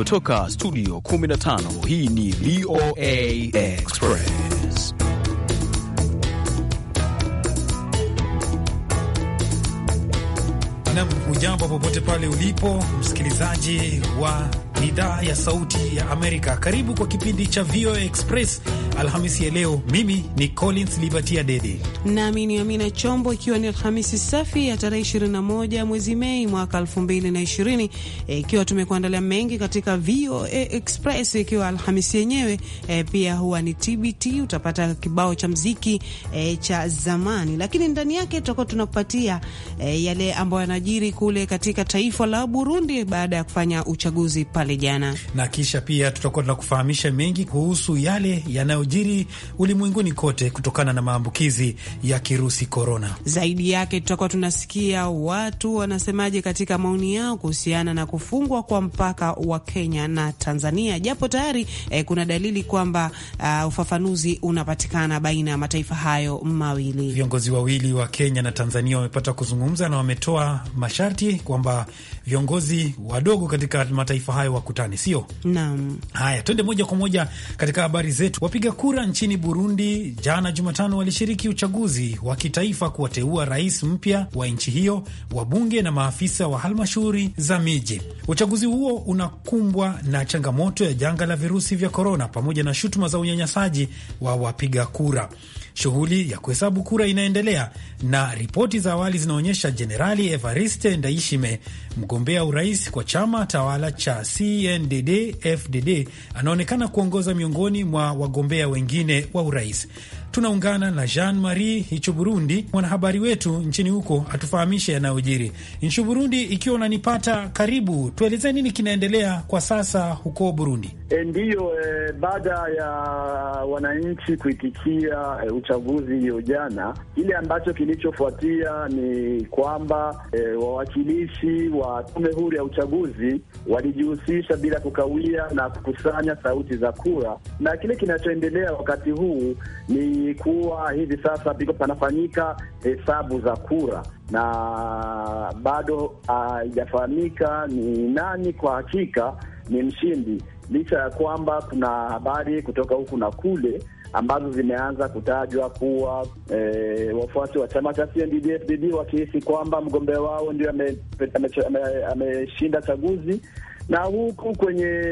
Kutoka studio 15 hii ni VOA Express. Nam, ujambo, popote pale ulipo msikilizaji wa idhaa ya Sauti ya Amerika, karibu kwa kipindi cha VOA Express Alhamisi ya leo. Mimi ni Collins Libertia Dede nami ni Amina Chombo, ikiwa ni Alhamisi safi ya tarehe 21 mwezi Mei mwaka 2020, e, ikiwa tumekuandalia mengi katika VOA Express, ikiwa Alhamisi yenyewe e, pia huwa ni TBT. Utapata kibao cha mziki e, cha zamani, lakini ndani yake tutakuwa tunapatia e, yale ambayo yanajiri kule katika taifa la Burundi baada ya kufanya uchaguzi pale jana, na kisha pia tutakuwa tunakufahamisha mengi kuhusu yale yanayo yanayojiri ulimwenguni kote kutokana na maambukizi ya kirusi korona. Zaidi yake, tutakuwa tunasikia watu wanasemaje katika maoni yao kuhusiana na kufungwa kwa mpaka wa Kenya na Tanzania, japo tayari eh, kuna dalili kwamba uh, ufafanuzi unapatikana baina ya mataifa hayo mawili. Viongozi wawili wa Kenya na Tanzania wamepata kuzungumza na wametoa masharti kwamba viongozi wadogo katika mataifa hayo wakutane, sio naam. Haya, twende moja kwa moja katika habari zetu. Wapiga Wapiga kura nchini Burundi jana Jumatano walishiriki uchaguzi wa kitaifa kuwateua rais mpya wa nchi hiyo, wabunge na maafisa wa halmashauri za miji. Uchaguzi huo unakumbwa na changamoto ya janga la virusi vya korona pamoja na shutuma za unyanyasaji wa wapiga kura. Shughuli ya kuhesabu kura inaendelea na ripoti za awali zinaonyesha Jenerali Evariste Ndayishimiye, mgombea urais kwa chama tawala cha CNDD-FDD, anaonekana kuongoza miongoni mwa wagombea wengine wa urais. Tunaungana na Jean Marie hicho Burundi, mwanahabari wetu nchini huko, atufahamishe yanayojiri nchi Burundi. Ikiwa unanipata, karibu, tuelezee nini kinaendelea kwa sasa huko Burundi? E, ndiyo e, baada ya wananchi kuitikia e, uchaguzi hiyo jana, kile ambacho kilichofuatia ni kwamba e, wawakilishi wa tume huru ya uchaguzi walijihusisha bila kukawia na kukusanya sauti za kura, na kile kinachoendelea wakati huu ni kuwa hivi sasa piko panafanyika eh, hesabu za kura na bado ah, haijafahamika uh, ni nani kwa hakika ni mshindi, licha ya kwamba kuna habari kutoka huku na kule ambazo zimeanza kutajwa kuwa e, wafuasi wa chama cha CNDD-FDD wakihisi kwamba mgombea wao ndio ameshinda chaguzi, na huku kwenye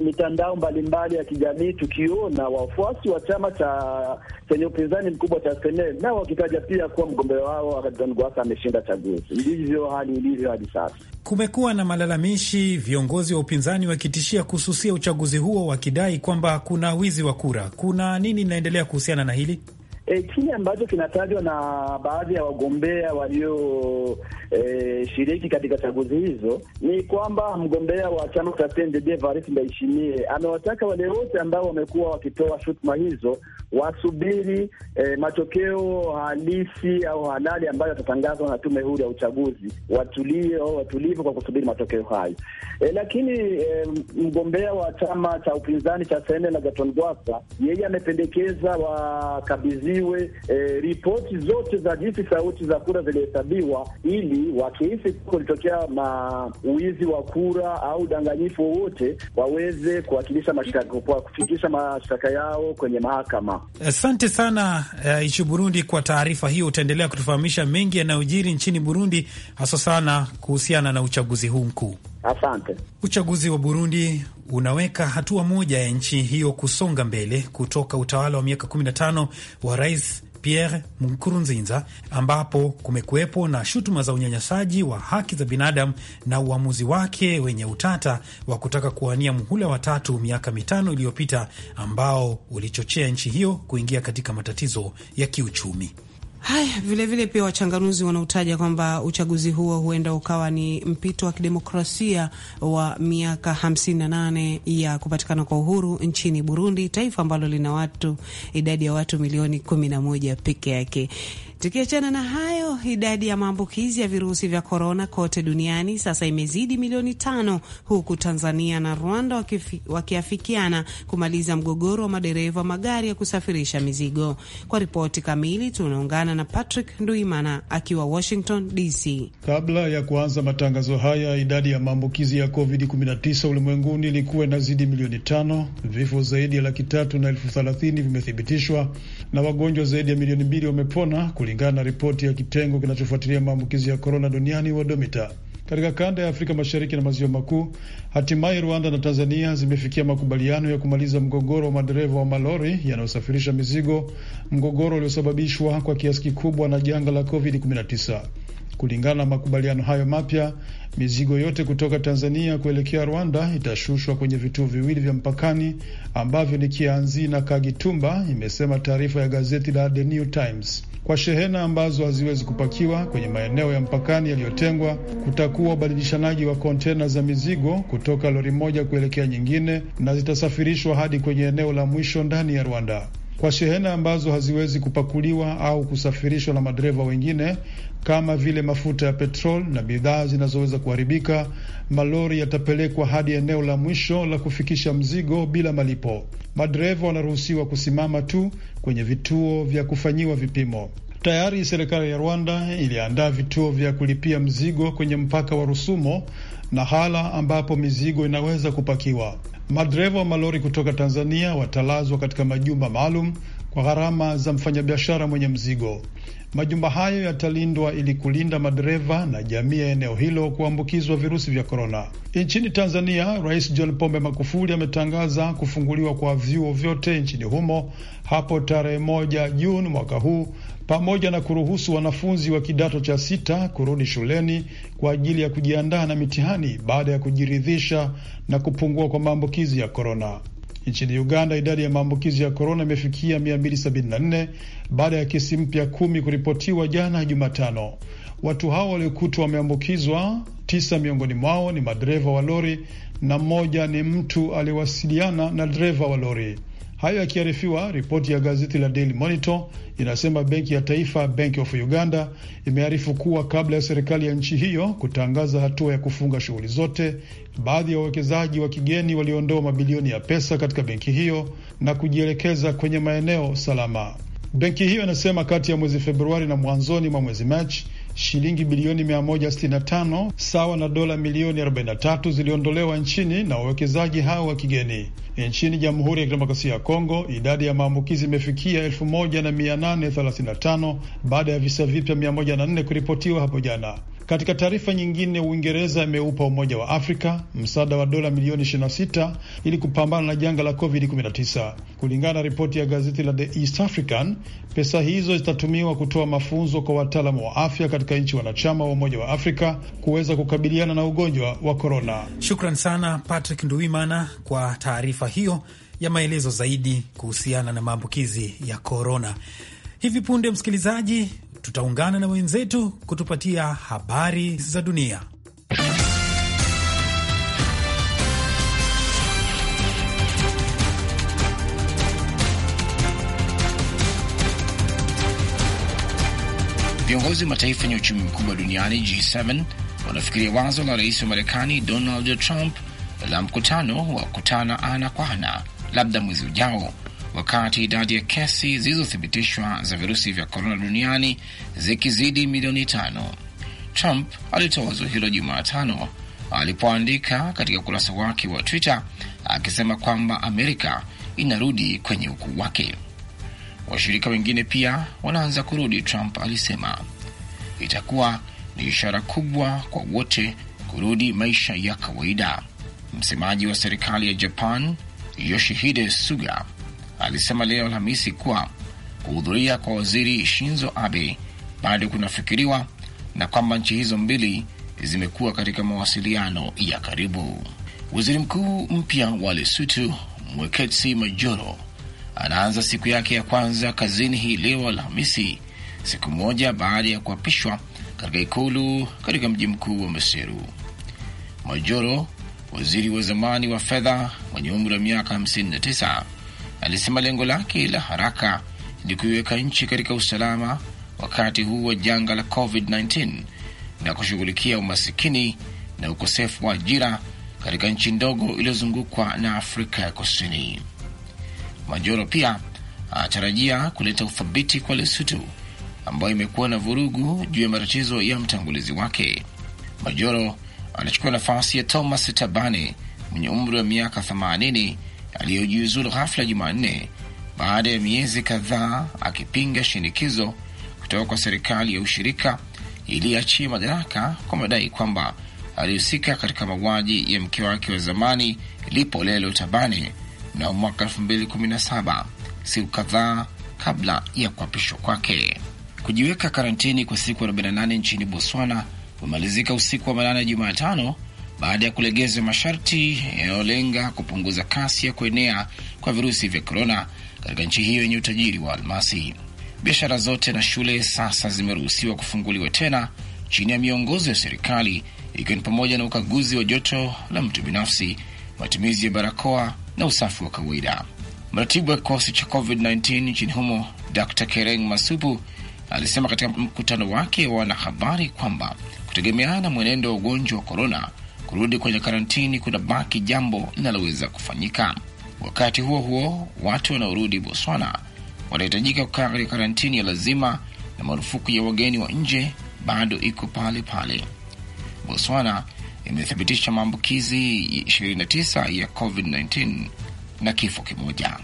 mitandao mbalimbali ya kijamii tukiona wafuasi wa chama cha chenye upinzani mkubwa cha CNL nao wakitaja pia kuwa mgombea wao wakati Rwasa ameshinda chaguzi. Ndivyo hali ilivyo hadi sasa. Kumekuwa na malalamishi, viongozi wa upinzani wakitishia kususia uchaguzi huo, wakidai kwamba kuna wizi wa kura. Kuna nini inaendelea kuhusiana na hili? E, kile ambacho kinatajwa na baadhi ya wagombea walioshiriki eh, e, katika chaguzi hizo ni kwamba mgombea wa chama cha CNDD Evariste Ndayishimiye amewataka wale wote ambao wamekuwa wakitoa shutuma hizo wasubiri e, matokeo halisi au halali ambayo yatatangazwa na tume huru ya uchaguzi, watulie au watulivu kwa kusubiri matokeo hayo. E, lakini e, mgombea wa chama cha upinzani cha CNL Agathon Rwasa yeye amependekeza wakabidhi ziwe eh, ripoti zote za jinsi sauti za kura zilihesabiwa, ili wakihisi kulitokea mauizi wa kura au udanganyifu wowote waweze kuwakilisha mashtaka, kufikisha mashtaka yao kwenye mahakama. Asante sana uh, Ichu Burundi kwa taarifa hiyo. Utaendelea kutufahamisha mengi yanayojiri nchini Burundi, hasa sana kuhusiana na uchaguzi huu mkuu. Asante. Uchaguzi wa Burundi unaweka hatua moja ya nchi hiyo kusonga mbele kutoka utawala wa miaka 15 wa rais Pierre Nkurunziza ambapo kumekuwepo na shutuma za unyanyasaji wa haki za binadamu na uamuzi wake wenye utata wa kutaka kuwania muhula wa tatu miaka mitano iliyopita ambao ulichochea nchi hiyo kuingia katika matatizo ya kiuchumi. Haya, vilevile pia wachanganuzi wanaotaja kwamba uchaguzi huo huenda ukawa ni mpito wa kidemokrasia wa miaka 58 ya kupatikana kwa uhuru nchini Burundi, taifa ambalo lina watu idadi ya watu milioni 11 peke yake. Tukiachana na hayo, idadi ya maambukizi ya virusi vya korona kote duniani sasa imezidi milioni tano huku Tanzania na Rwanda wakiafikiana kumaliza mgogoro wa madereva magari ya kusafirisha mizigo. Kwa ripoti kamili tunaungana na Patrick Nduimana akiwa Washington DC. Kabla ya kuanza matangazo haya, idadi ya maambukizi ya COVID-19 ulimwenguni ilikuwa inazidi milioni tano. Vifo zaidi ya laki tatu na elfu thelathini vimethibitishwa na wagonjwa zaidi ya milioni mbili wamepona kulingana na ripoti ya kitengo kinachofuatilia maambukizi ya korona duniani Wadomita. Katika kanda ya Afrika Mashariki na Maziwa Makuu, hatimaye Rwanda na Tanzania zimefikia makubaliano ya kumaliza mgogoro wa madereva wa malori yanayosafirisha mizigo, mgogoro uliosababishwa kwa kiasi kikubwa na janga la COVID-19. Kulingana na makubaliano hayo mapya, mizigo yote kutoka Tanzania kuelekea Rwanda itashushwa kwenye vituo viwili vya mpakani ambavyo ni Kianzi na Kagitumba, imesema taarifa ya gazeti la The New Times. Kwa shehena ambazo haziwezi kupakiwa kwenye maeneo ya mpakani yaliyotengwa, kutakuwa ubadilishanaji wa kontena za mizigo kutoka lori moja kuelekea nyingine na zitasafirishwa hadi kwenye eneo la mwisho ndani ya Rwanda kwa shehena ambazo haziwezi kupakuliwa au kusafirishwa na madereva wengine kama vile mafuta ya petrol na bidhaa zinazoweza kuharibika. Malori yatapelekwa hadi eneo la mwisho la kufikisha mzigo bila malipo. Madereva wanaruhusiwa kusimama tu kwenye vituo vya kufanyiwa vipimo. Tayari serikali ya Rwanda iliandaa vituo vya kulipia mzigo kwenye mpaka wa Rusumo na Hala ambapo mizigo inaweza kupakiwa. Madereva wa malori kutoka Tanzania watalazwa katika majumba maalum kwa gharama za mfanyabiashara mwenye mzigo. Majumba hayo yatalindwa ili kulinda madereva na jamii ya eneo hilo kuambukizwa virusi vya korona. Nchini Tanzania, Rais John Pombe Magufuli ametangaza kufunguliwa kwa vyuo vyote nchini humo hapo tarehe moja Juni mwaka huu, pamoja na kuruhusu wanafunzi wa kidato cha sita kurudi shuleni kwa ajili ya kujiandaa na mitihani baada ya kujiridhisha na kupungua kwa maambukizi ya korona. Nchini Uganda, idadi ya maambukizi ya korona imefikia 274 baada ya kesi mpya kumi kuripotiwa jana Jumatano. Watu hao waliokutwa wameambukizwa, tisa miongoni mwao ni madereva wa lori na mmoja ni mtu aliyewasiliana na dereva wa lori. Hayo yakiarifiwa, ripoti ya gazeti la Daily Monitor inasema benki ya taifa, Bank of Uganda, imearifu kuwa kabla ya serikali ya nchi hiyo kutangaza hatua ya kufunga shughuli zote, baadhi ya wawekezaji wa kigeni waliondoa mabilioni ya pesa katika benki hiyo na kujielekeza kwenye maeneo salama. Benki hiyo inasema kati ya mwezi Februari na mwanzoni mwa mwezi Machi shilingi bilioni 165 sawa na dola milioni 43 ziliondolewa nchini na wawekezaji hao wa kigeni. Nchini Jamhuri ya Kidemokrasia ya Kongo, idadi ya maambukizi imefikia 1835 baada ya visa vipya 104 kuripotiwa hapo jana. Katika taarifa nyingine, Uingereza imeupa Umoja wa Afrika msaada wa dola milioni 26 ili kupambana na janga la COVID-19. Kulingana na ripoti ya gazeti la The East African, pesa hizo zitatumiwa kutoa mafunzo kwa wataalamu wa afya katika nchi wanachama wa Umoja wa Afrika kuweza kukabiliana na ugonjwa wa korona. Shukran sana Patrick nduimana kwa taarifa hiyo ya maelezo zaidi kuhusiana na maambukizi ya korona. Hivi punde, msikilizaji, tutaungana na wenzetu kutupatia habari za dunia. Viongozi wa mataifa yenye uchumi mkubwa duniani G7 wanafikiria wazo la rais wa Marekani Donald Trump la mkutano wa kutana ana kwa ana labda mwezi ujao wakati idadi ya kesi zilizothibitishwa za virusi vya korona duniani zikizidi milioni tano. Trump alitoa wazo hilo Jumatano alipoandika katika ukurasa wake wa Twitter akisema kwamba Amerika inarudi kwenye ukuu wake. Washirika wengine pia wanaanza kurudi, Trump alisema. Itakuwa ni ishara kubwa kwa wote kurudi maisha ya kawaida. Msemaji wa serikali ya Japan Yoshihide Suga alisema leo Alhamisi kuwa kuhudhuria kwa waziri Shinzo Abe bado kunafikiriwa na kwamba nchi hizo mbili zimekuwa katika mawasiliano ya karibu. Waziri mkuu mpya wa lesutu Mweketsi Majoro anaanza siku yake ya kwanza kazini hii leo Alhamisi, siku moja baada ya kuapishwa katika ikulu katika mji mkuu wa Maseru. Majoro, waziri wa zamani wa fedha mwenye umri wa miaka alisema lengo lake la haraka ni kuiweka nchi katika usalama wakati huu wa janga la COVID-19 na kushughulikia umasikini na ukosefu wa ajira katika nchi ndogo iliyozungukwa na Afrika ya Kusini. Majoro pia anatarajia kuleta uthabiti kwa Lesotho ambayo imekuwa na vurugu juu ya matatizo ya mtangulizi wake. Majoro anachukua nafasi ya Thomas Tabane mwenye umri wa miaka aliyojiuzulu ghafla Jumanne baada ya miezi kadhaa akipinga shinikizo kutoka kwa serikali ya ushirika iliyoachia madaraka kwa madai kwamba alihusika katika mauaji ya mke wake wa zamani Lipolelo Tabane mnamo mwaka 2017 siku kadhaa kabla ya kuapishwa kwake. Kujiweka karantini kwa siku 48 nchini Botswana umemalizika usiku wa manane Jumatano baada ya kulegezwa masharti yanayolenga kupunguza kasi ya kuenea kwa virusi vya korona katika nchi hiyo yenye utajiri wa almasi. Biashara zote na shule sasa zimeruhusiwa kufunguliwa tena chini ya miongozo ya serikali, ikiwa ni pamoja na ukaguzi wa joto la mtu binafsi, matumizi ya barakoa na usafi wa kawaida. Mratibu wa kikosi cha COVID-19 nchini humo Dr Kereng Masupu alisema katika mkutano wake wa wanahabari kwamba kutegemeana na mwenendo wa ugonjwa wa korona kurudi kwenye karantini kuna baki jambo linaloweza kufanyika. Wakati huo huo, watu wanaorudi Botswana wanahitajika kukaa katika karantini ya lazima na marufuku ya wageni wa nje bado iko pale pale. Botswana imethibitisha maambukizi 29 ya COVID-19 na kifo kimoja.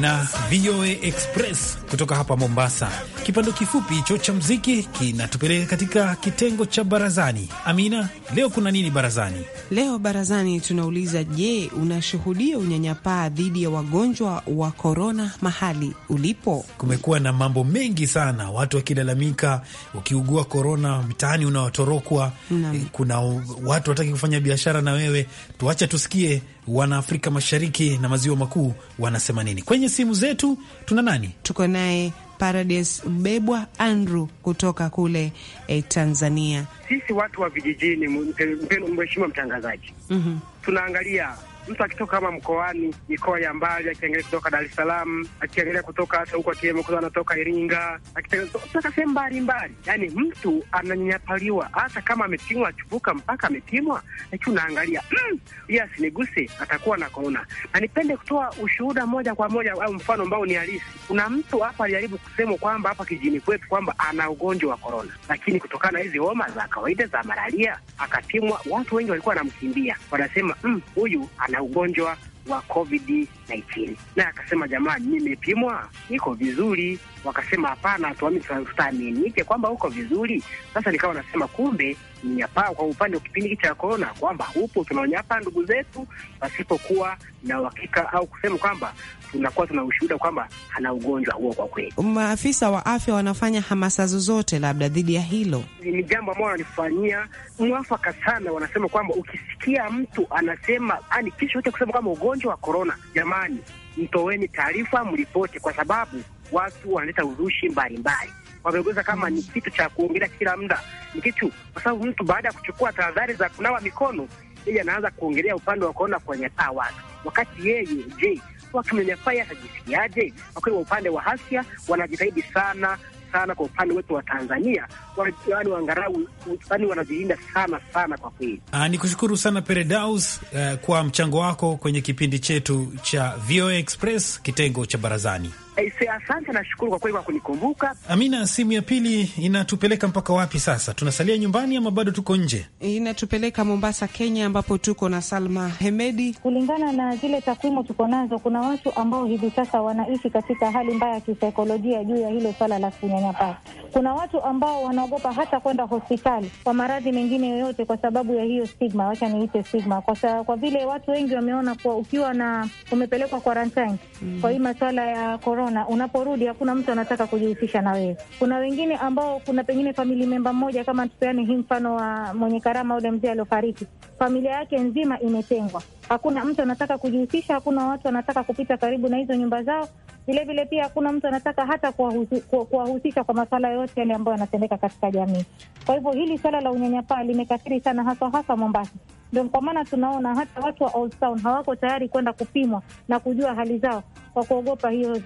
na VOA Express kutoka hapa Mombasa. Kipando kifupi hicho cha mziki kinatupeleka katika kitengo cha barazani. Amina, leo kuna nini barazani? Leo barazani tunauliza, je, unashuhudia unyanyapaa dhidi ya wagonjwa wa korona mahali ulipo? Kumekuwa na mambo mengi sana, watu wakilalamika, ukiugua korona mtaani unawatorokwa. Kuna watu wataki kufanya biashara na wewe. Tuacha tusikie wanaafrika mashariki na maziwa makuu wanasema nini. Kwenye simu zetu tuna nani? Tuko naye Paradise Bebwa Andrew kutoka kule eh, Tanzania. Sisi watu wa vijijini, mheshimiwa mtangazaji, mm -hmm. tunaangalia mtu akitoka kama mkoani mikoa ya mbali, akiangalia kutoka Dar es Salaam, akiangalia kutoka hata huko akiemekuza anatoka Iringa, akitoka sehemu mbalimbali, yani mtu ananyanyapaliwa, hata kama amepimwa achupuka mpaka amepimwa, lakini unaangalia mm, yes niguse atakuwa na korona. Na nipende kutoa ushuhuda moja kwa moja au mfano ambao ni halisi. Kuna mtu hapa alijaribu kusema kwamba hapa kijini kwetu kwamba ana ugonjwa wa korona, lakini kutokana na hizi homa za kawaida za malaria akapimwa, watu wengi walikuwa wanamkimbia, wanasema mm, huyu mm, ana ugonjwa wa COVID-19 naye akasema jamani, nimepimwa niko vizuri. Wakasema hapana, tuamini, nike kwamba uko vizuri. Sasa nikawa nasema kumbe unyanyapaa kwa upande wa kipindi cha korona, kwamba hupo tunaonyapa ndugu zetu pasipokuwa na uhakika au kusema kwamba tunakuwa tuna ushuhuda kwamba ana ugonjwa huo. Kwa kweli, maafisa wa afya wanafanya hamasa zozote labda dhidi ya hilo? Ni jambo ambalo wanalifanyia mwafaka sana. Wanasema kwamba ukisikia mtu anasema ani kisha yote kusema kwamba ugonjwa wa korona, jamani, mtoweni taarifa, mripote, kwa sababu watu wanaleta uzushi mbalimbali wamegeuza kama ni kitu cha kuongelea kila muda, ni kitu kwa sababu mtu baada ya kuchukua tahadhari za kunawa mikono, yeye anaanza kuongelea upande wa kuona kwenye taa watu, wakati yeye je, wakimnyanyapaa atajisikiaje? Kwa hiyo upande wa hasia wanajitahidi sana sana kwa upande wetu wa Tanzania, yaani wangarau, yaani wanajilinda sana sana kwa kweli. Ah, ni kushukuru sana Peredaus uh, kwa mchango wako kwenye kipindi chetu cha VOA Express kitengo cha barazani. Eh, asante, nashukuru kwa kweli kwa kunikumbuka. Amina, simu ya pili inatupeleka mpaka wapi sasa? Tunasalia nyumbani ama bado tuko nje? Inatupeleka Mombasa, Kenya, ambapo tuko na Salma Hemedi. Kulingana na zile takwimu tuko nazo, kuna watu ambao hivi sasa wanaishi katika hali mbaya ya kisaikolojia juu ya hilo swala la kunyanyapaa. Kuna watu ambao wanaogopa hata kwenda hospitali kwa maradhi mengine yoyote kwa sababu ya hiyo stigma, wacha niite stigma, kwa, sa, kwa vile watu wengi wameona kuwa ukiwa na umepelekwa quarantine mm, kwa hii maswala ya korona, unaporudi hakuna mtu anataka kujihusisha na wewe. Kuna wengine ambao kuna pengine famili memba mmoja, kama tupeane hii mfano wa mwenye karama ule mzee aliofariki, familia yake nzima imetengwa, hakuna mtu anataka kujihusisha, hakuna watu wanataka kupita karibu na hizo nyumba zao. Vilevile pia hakuna mtu anataka hata kuwahusisha kwa masuala yote yale ambayo yanatendeka katika jamii. Kwa hivyo hili suala la unyanyapaa limekathiri sana, haswa hasa Mombasa. Ndio kwa maana tunaona hata watu wa Old Town hawako tayari kwenda kupimwa na kujua hali zao kwa kuogopa hiyo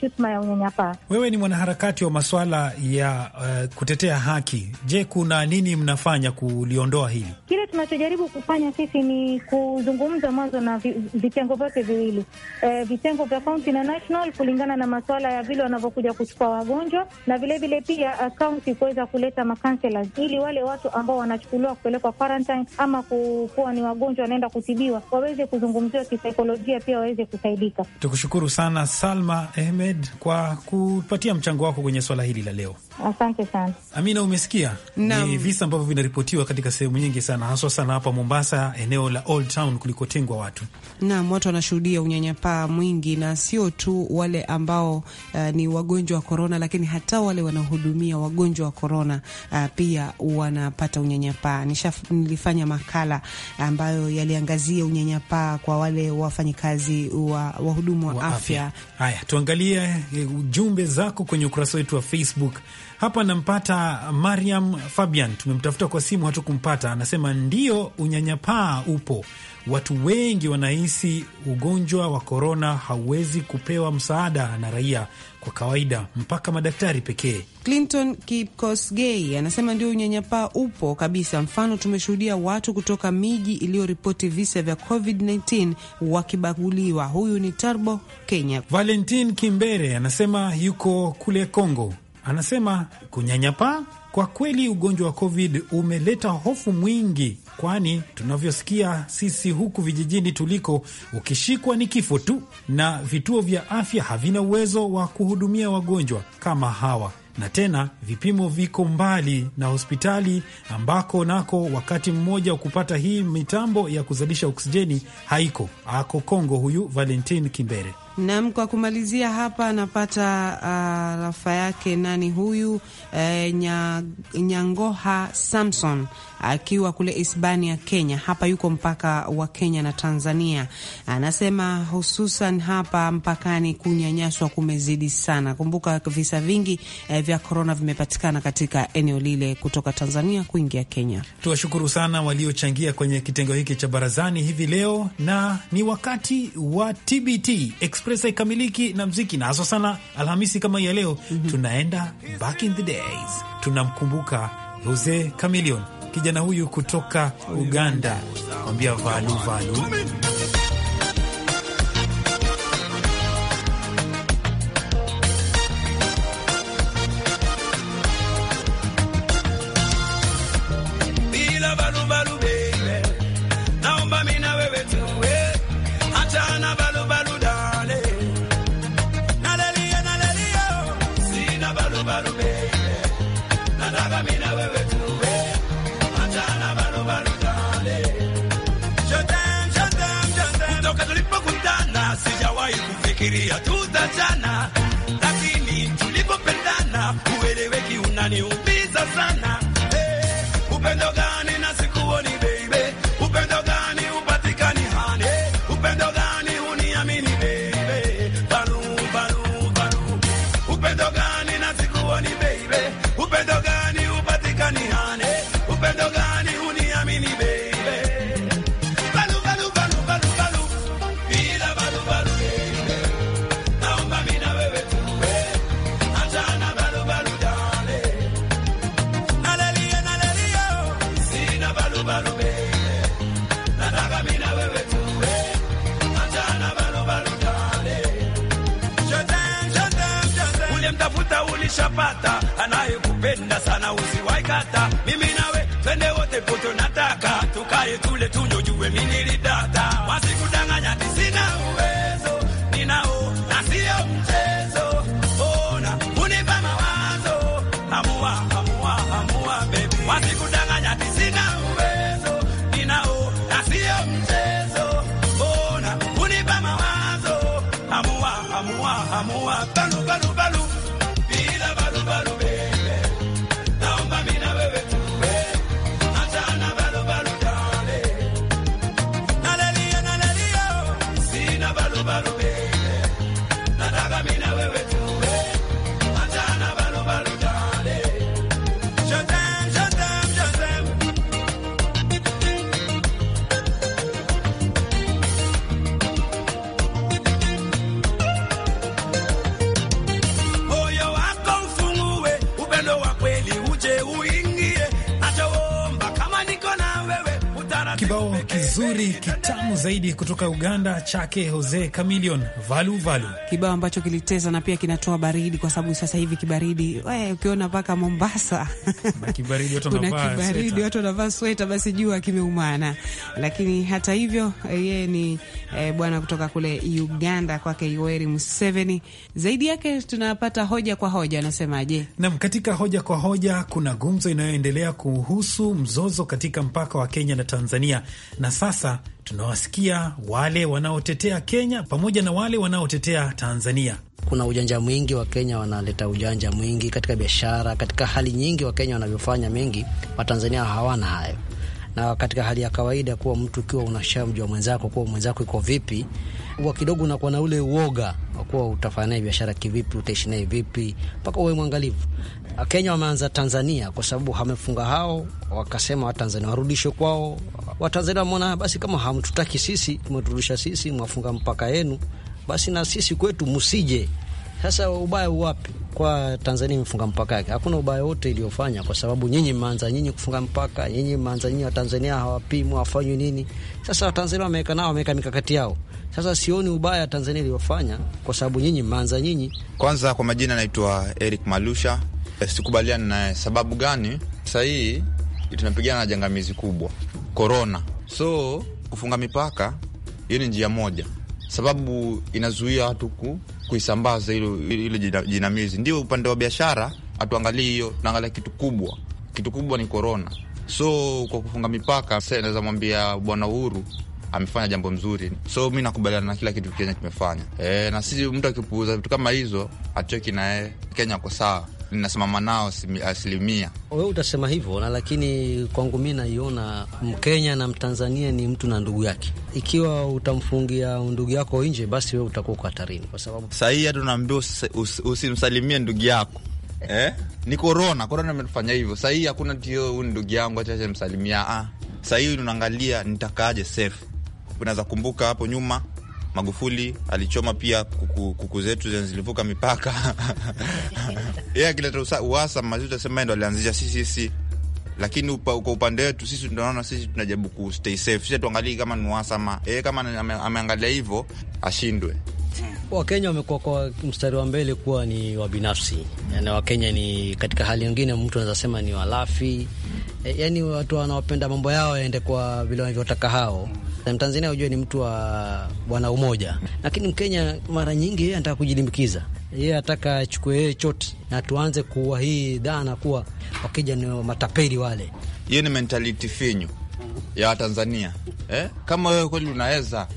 shutuma ya unyanyapaa. Wewe ni mwanaharakati wa masuala ya uh, kutetea haki. Je, kuna nini mnafanya kuliondoa hili? Kile tunachojaribu kufanya sisi ni kuzungumza mwanzo na vitengo vyote viwili, e, vitengo vya kaunti na national, kulingana na masuala ya vile wanavyokuja kuchukua wagonjwa, na vilevile vile pia kaunti uh, kuweza kuleta makansela ili wale watu ambao wanachukuliwa kupelekwa quarantine ama kuwa ni wagonjwa wanaenda kutibiwa waweze kuzungumziwa kisaikolojia, pia waweze kusaidika. Tukushukuru sana Salma Ahmed kwa kupatia mchango wako kwenye swala hili la leo. Asante sana Amina. Umesikia ni visa ambavyo vinaripotiwa katika sehemu nyingi sana, haswa sana hapa Mombasa, eneo la Old Town kulikotengwa watu. Naam, watu wanashuhudia unyanyapaa mwingi, na sio tu wale ambao uh, ni wagonjwa wa korona, lakini hata wale wanaohudumia wagonjwa wa korona uh, eh, pia wanapata unyanyapaa. Nilifanya makala ambayo yaliangazia unyanyapaa kwa wale wafanyikazi wa wahudumu wa, wa afya. Haya, tuangalie eh, ujumbe zako kwenye ukurasa wetu wa Facebook. Hapa nampata Mariam Fabian, tumemtafuta kwa simu hatukumpata. Anasema ndiyo, unyanyapaa upo, watu wengi wanahisi ugonjwa wa korona hauwezi kupewa msaada na raia kwa kawaida, mpaka madaktari pekee. Clinton Kipkosgei anasema ndio, unyanyapaa upo kabisa. Mfano, tumeshuhudia watu kutoka miji iliyoripoti visa vya COVID-19 wakibaguliwa. Huyu ni Tarbo, Kenya. Valentin Kimbere anasema yuko kule congo Anasema kunyanyapaa kwa kweli, ugonjwa wa COVID umeleta hofu mwingi, kwani tunavyosikia sisi huku vijijini tuliko, ukishikwa ni kifo tu, na vituo vya afya havina uwezo wa kuhudumia wagonjwa kama hawa na tena vipimo viko mbali na hospitali ambako nako wakati mmoja wa kupata hii mitambo ya kuzalisha oksijeni haiko. Ako Kongo huyu Valentin Kimbere Nam, kwa kumalizia hapa anapata uh, rafa yake nani huyu eh, nya, Nyangoha Samson akiwa kule Hispania, Kenya. Hapa yuko mpaka wa Kenya na Tanzania, anasema hususan hapa mpakani kunyanyaswa kumezidi sana. Kumbuka visa vingi eh, vya korona vimepatikana katika eneo lile kutoka Tanzania kuingia Kenya. Tuwashukuru sana waliochangia kwenye kitengo hiki cha barazani hivi leo, na ni wakati wa TBT Express Express haikamiliki na mziki, na haswa sana Alhamisi kama ya leo mm -hmm. Tunaenda back in the days, tunamkumbuka Jose Chameleone, kijana huyu kutoka Uganda, kwambia valu valu unaniumiza sana hey, eh, upendo gani na zaidi kutoka Uganda chake Jose Chameleone valu valu, kibao ambacho kiliteza na pia kinatoa baridi, kwa sababu sasa hivi kibaridi, wewe ukiona mpaka Mombasa kuna kibaridi, watu wanavaa sweta, basi jua kimeumana. Lakini hata hivyo yeye ni eh, bwana kutoka kule Uganda kwake Yoweri Museveni. Zaidi yake tunapata hoja kwa hoja, anasemaje? Naam, katika hoja kwa hoja kuna gumzo inayoendelea kuhusu mzozo katika mpaka wa Kenya na Tanzania na sasa tunawasikia wale wanaotetea Kenya pamoja na wale wanaotetea Tanzania. Kuna ujanja mwingi wa Kenya, wanaleta ujanja mwingi katika biashara, katika hali nyingi wa Kenya wanavyofanya mengi, Watanzania hawana hayo. Na katika hali ya kawaida, kuwa mtu ukiwa unashamjua mwenzako kuwa mwenzako iko vipi, huwa kidogo unakuwa na ule uoga wakuwa utafanya biashara kivipi, utaishi naye vipi, mpaka uwe mwangalifu. Kenya wameanza Tanzania kwa sababu hamefunga hao, wakasema Watanzania warudishe kwao. Watanzania wameona basi, kama hamtutaki sisi, tumeturudisha sisi, mwafunga mpaka yenu, basi na sisi kwetu msije. Sasa ubaya uwapi? Kwa Tanzania imefunga mpaka yake, hakuna ubaya wote iliyofanya, kwa sababu nyinyi mmeanza nyinyi kufunga mpaka, nyinyi mmeanza nyinyi, Watanzania hawapimwi wafanywe nini. Sasa Watanzania wameweka nao, wameweka mikakati yao. Sasa sioni ubaya Tanzania iliyofanya, kwa sababu nyinyi mmeanza nyinyi. Kwanza, kwa majina naitwa Eric Malusha Eh, sikubaliani naye. Sababu gani? Sahii tunapigana na jangamizi kubwa, korona. So kufunga mipaka hiyo ni njia moja, sababu inazuia watu kuisambaza ile jinamizi. Ndio upande wa biashara hatuangalii hiyo, tunaangalia kitu kubwa. Kitu kubwa ni korona. So kwa kufunga mipaka, naweza mwambia Bwana Uhuru amefanya jambo mzuri, so mi nakubaliana na kila kitu Kenya kimefanya. E, na sisi mtu akipuuza vitu kama hizo, hatoki naye. Kenya kwa sawa linasimama nao asilimia. We utasema hivyo na, lakini kwangu mi naiona Mkenya na Mtanzania ni mtu na ndugu yake. Ikiwa utamfungia ndugu yako nje, basi we utakuwa uko hatarini, kwa sababu sahii hata unaambiwa usimsalimie us, ndugu yako eh? Ni korona, korona imetufanya hivyo. Sahii hakuna tio, huyu ndugu yangu achache msalimia. Ah, ah. sahii unaangalia nitakaaje safe. Unaweza kumbuka hapo nyuma Magufuli alichoma pia kuku, kuku zetu zilivuka mipaka yeye yeah, akileta uhasama mazito asema ndo alianzisha sisi sisi lakini upa, kwa upande wetu sisi tunaona sisi tunajaribu ku stay safe. Sisi kama ni uhasama yeye, kama ame, ameangalia hivyo ashindwe. Wakenya wamekuwa kwa mstari wa mbele kuwa ni wabinafsi, yani Wakenya ni katika hali nyingine, mtu anaweza sema ni walafi, eh, yani watu wanaopenda mambo yao yaende kwa vile wanavyotaka hao. Mtanzania ujue ni mtu wa bwana umoja, lakini Mkenya mara nyingi yeye anataka kujilimbikiza, yeye anataka achukue yeye chote, na tuanze kuwa hii dhana kuwa wakija ni matapeli wale. Hiyo ni mentality finyu ya Watanzania eh? Kama wewe kweli unaweza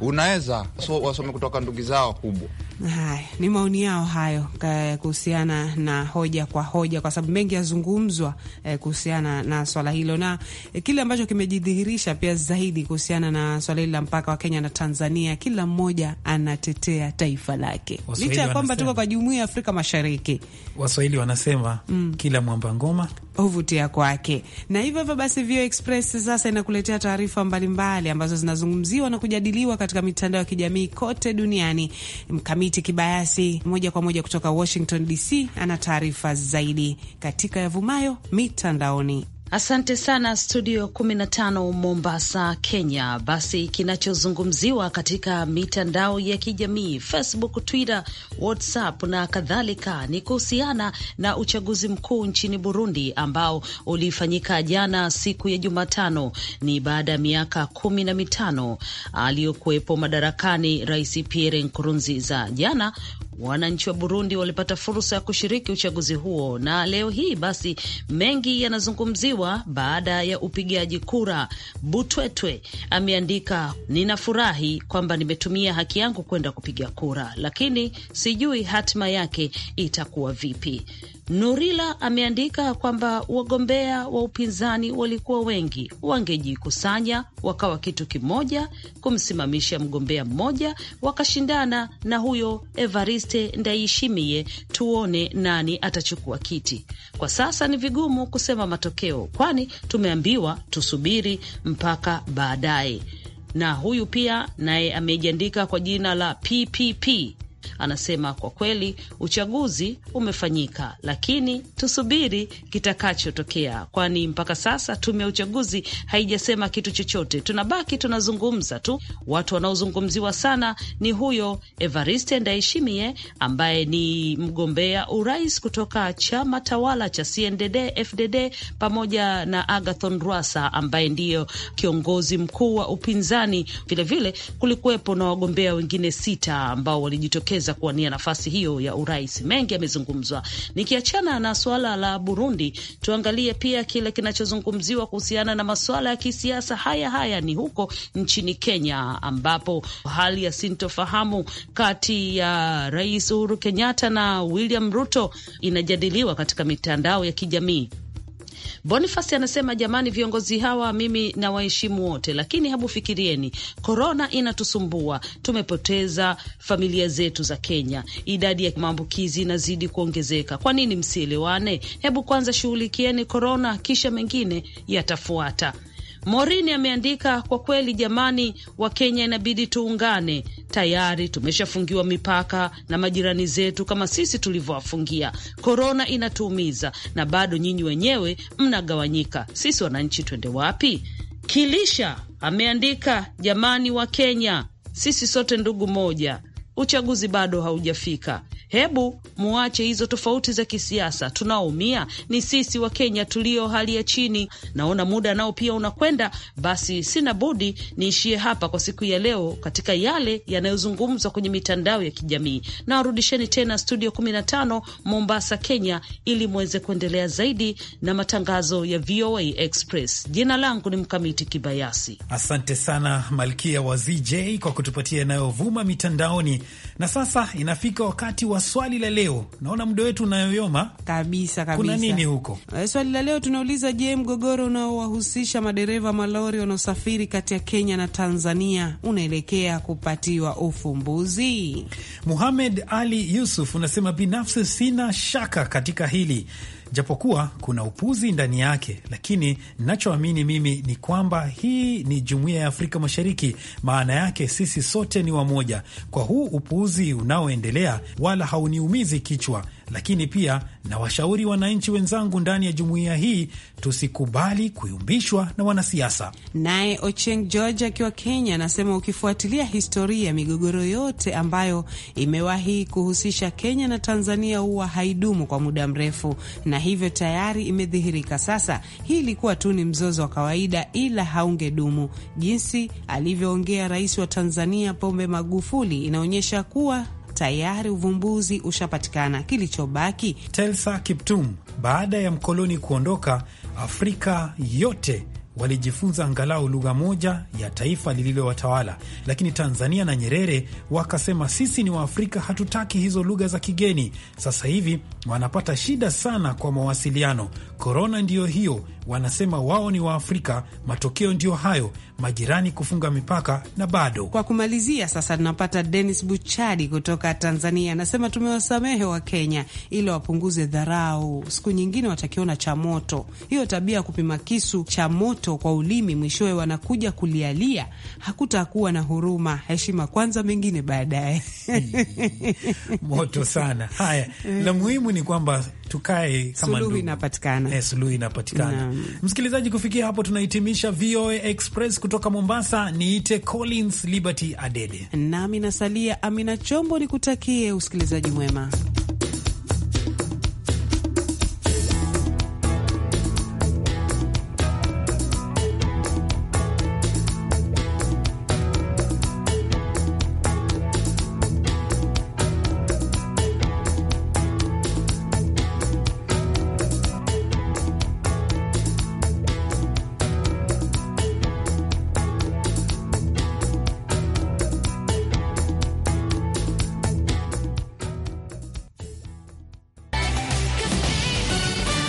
unaweza wasome kutoka ndugu zao kubwa Haya ni maoni yao hayo eh, kuhusiana na hoja kwa hoja, kwa sababu mengi yazungumzwa eh, kuhusiana na swala hilo na eh, kile ambacho kimejidhihirisha pia zaidi kuhusiana na swala hili la mpaka wa Kenya na Tanzania. Kila mmoja anatetea taifa lake licha ya kwamba tuko kwa jumuiya ya Afrika Mashariki. Waswahili wanasema mm, kila mwamba ngoma huvutia kwake, na hivyo hivyo basi, Vio Express sasa inakuletea taarifa mbalimbali ambazo zinazungumziwa na kujadiliwa katika mitandao ya kijamii kote duniani Mkami Mkamiti Kibayasi moja kwa moja kutoka Washington DC ana taarifa zaidi katika yavumayo mitandaoni. Asante sana studio 15 Mombasa, Kenya. Basi kinachozungumziwa katika mitandao ya kijamii Facebook, Twitter, WhatsApp na kadhalika ni kuhusiana na uchaguzi mkuu nchini Burundi ambao ulifanyika jana siku ya Jumatano. Ni baada ya miaka kumi na mitano aliyokuwepo madarakani Rais Pierre Nkurunziza jana Wananchi wa Burundi walipata fursa ya kushiriki uchaguzi huo, na leo hii basi mengi yanazungumziwa baada ya upigaji kura. Butwetwe ameandika, ninafurahi kwamba nimetumia haki yangu kwenda kupiga kura, lakini sijui hatima yake itakuwa vipi. Nurila ameandika kwamba wagombea wa upinzani walikuwa wengi, wangejikusanya wakawa kitu kimoja kumsimamisha mgombea mmoja, wakashindana na huyo Evariste Ndayishimiye, tuone nani atachukua kiti. Kwa sasa ni vigumu kusema matokeo, kwani tumeambiwa tusubiri mpaka baadaye. Na huyu pia naye amejiandika kwa jina la PPP Anasema kwa kweli uchaguzi umefanyika, lakini tusubiri kitakachotokea, kwani mpaka sasa tume ya uchaguzi haijasema kitu chochote. Tunabaki tunazungumza tu. Watu wanaozungumziwa sana ni huyo Evariste Ndayishimiye ambaye ni mgombea urais kutoka chama tawala cha CNDD FDD pamoja na Agathon Rwasa ambaye ndiyo kiongozi mkuu wa upinzani. Vilevile kulikuwepo na wagombea wengine sita ambao walijitokea kujitokeza kuwania nafasi hiyo ya urais. Mengi yamezungumzwa. Nikiachana na suala la Burundi, tuangalie pia kile kinachozungumziwa kuhusiana na masuala ya kisiasa. Haya haya ni huko nchini Kenya, ambapo hali ya sintofahamu kati ya Rais Uhuru Kenyatta na William Ruto inajadiliwa katika mitandao ya kijamii. Bonifasi anasema jamani, viongozi hawa mimi na waheshimu wote, lakini hebu fikirieni, korona inatusumbua, tumepoteza familia zetu za Kenya, idadi ya maambukizi inazidi kuongezeka. Kwa nini msielewane? Hebu kwanza shughulikieni korona, kisha mengine yatafuata. Morini ameandika kwa kweli, jamani, Wakenya inabidi tuungane. Tayari tumeshafungiwa mipaka na majirani zetu kama sisi tulivyowafungia. Korona inatuumiza na bado nyinyi wenyewe mnagawanyika. Sisi wananchi twende wapi? Kilisha ameandika jamani, Wakenya sisi sote ndugu moja, uchaguzi bado haujafika. Hebu muache hizo tofauti za kisiasa, tunaoumia ni sisi wa Kenya tulio hali ya chini. Naona muda nao pia unakwenda, basi sina budi niishie hapa kwa siku ya leo katika yale yanayozungumzwa kwenye mitandao ya kijamii. Nawarudisheni tena studio 15 Mombasa, Kenya, ili mweze kuendelea zaidi na matangazo ya VOA Express. Jina langu ni Mkamiti Kibayasi. Asante sana Malkia wa ZJ kwa kutupatia yanayovuma mitandaoni, na sasa inafika wakati wa swali la leo, naona muda wetu unayoyoma kabisa kabisa. Kuna nini huko? Eh, swali la leo tunauliza, je, mgogoro unaowahusisha madereva malori wanaosafiri kati ya Kenya na Tanzania unaelekea kupatiwa ufumbuzi? Muhamed Ali Yusuf unasema binafsi sina shaka katika hili japokuwa kuna upuzi ndani yake, lakini nachoamini mimi ni kwamba hii ni jumuiya ya Afrika Mashariki, maana yake sisi sote ni wamoja. Kwa huu upuuzi unaoendelea, wala hauniumizi kichwa lakini pia na washauri wananchi wenzangu ndani ya jumuiya hii tusikubali kuyumbishwa na wanasiasa. Naye Ocheng George akiwa Kenya anasema ukifuatilia historia ya migogoro yote ambayo imewahi kuhusisha Kenya na Tanzania huwa haidumu kwa muda mrefu, na hivyo tayari imedhihirika sasa. Hii ilikuwa tu ni mzozo wa kawaida, ila haungedumu. Jinsi alivyoongea rais wa Tanzania Pombe Magufuli inaonyesha kuwa tayari uvumbuzi ushapatikana. Kilichobaki Telsa Kiptum, baada ya mkoloni kuondoka, Afrika yote walijifunza angalau lugha moja ya taifa lililowatawala, lakini Tanzania na Nyerere wakasema sisi ni Waafrika, hatutaki hizo lugha za kigeni. Sasa hivi wanapata shida sana kwa mawasiliano. Korona ndiyo hiyo, wanasema wao ni Waafrika. Matokeo ndiyo hayo, majirani kufunga mipaka na bado. Kwa kumalizia, sasa tunapata Denis Buchadi kutoka Tanzania, anasema tumewasamehe wa kenya ili wapunguze dharau, siku nyingine watakiona cha moto. Hiyo tabia ya kupima kisu cha moto kwa ulimi, mwishowe wanakuja kulialia, hakutakuwa na huruma. Heshima kwanza, mengine baadaye. moto sana. Haya, la muhimu ni kwamba tukae kama suluhu inapatikana. Eh, suluhu inapatikana. Msikilizaji, kufikia hapo tunahitimisha VOA Express kutoka Mombasa. Niite Collins Liberty Adede nami nasalia Amina Chombo, nikutakie usikilizaji mwema.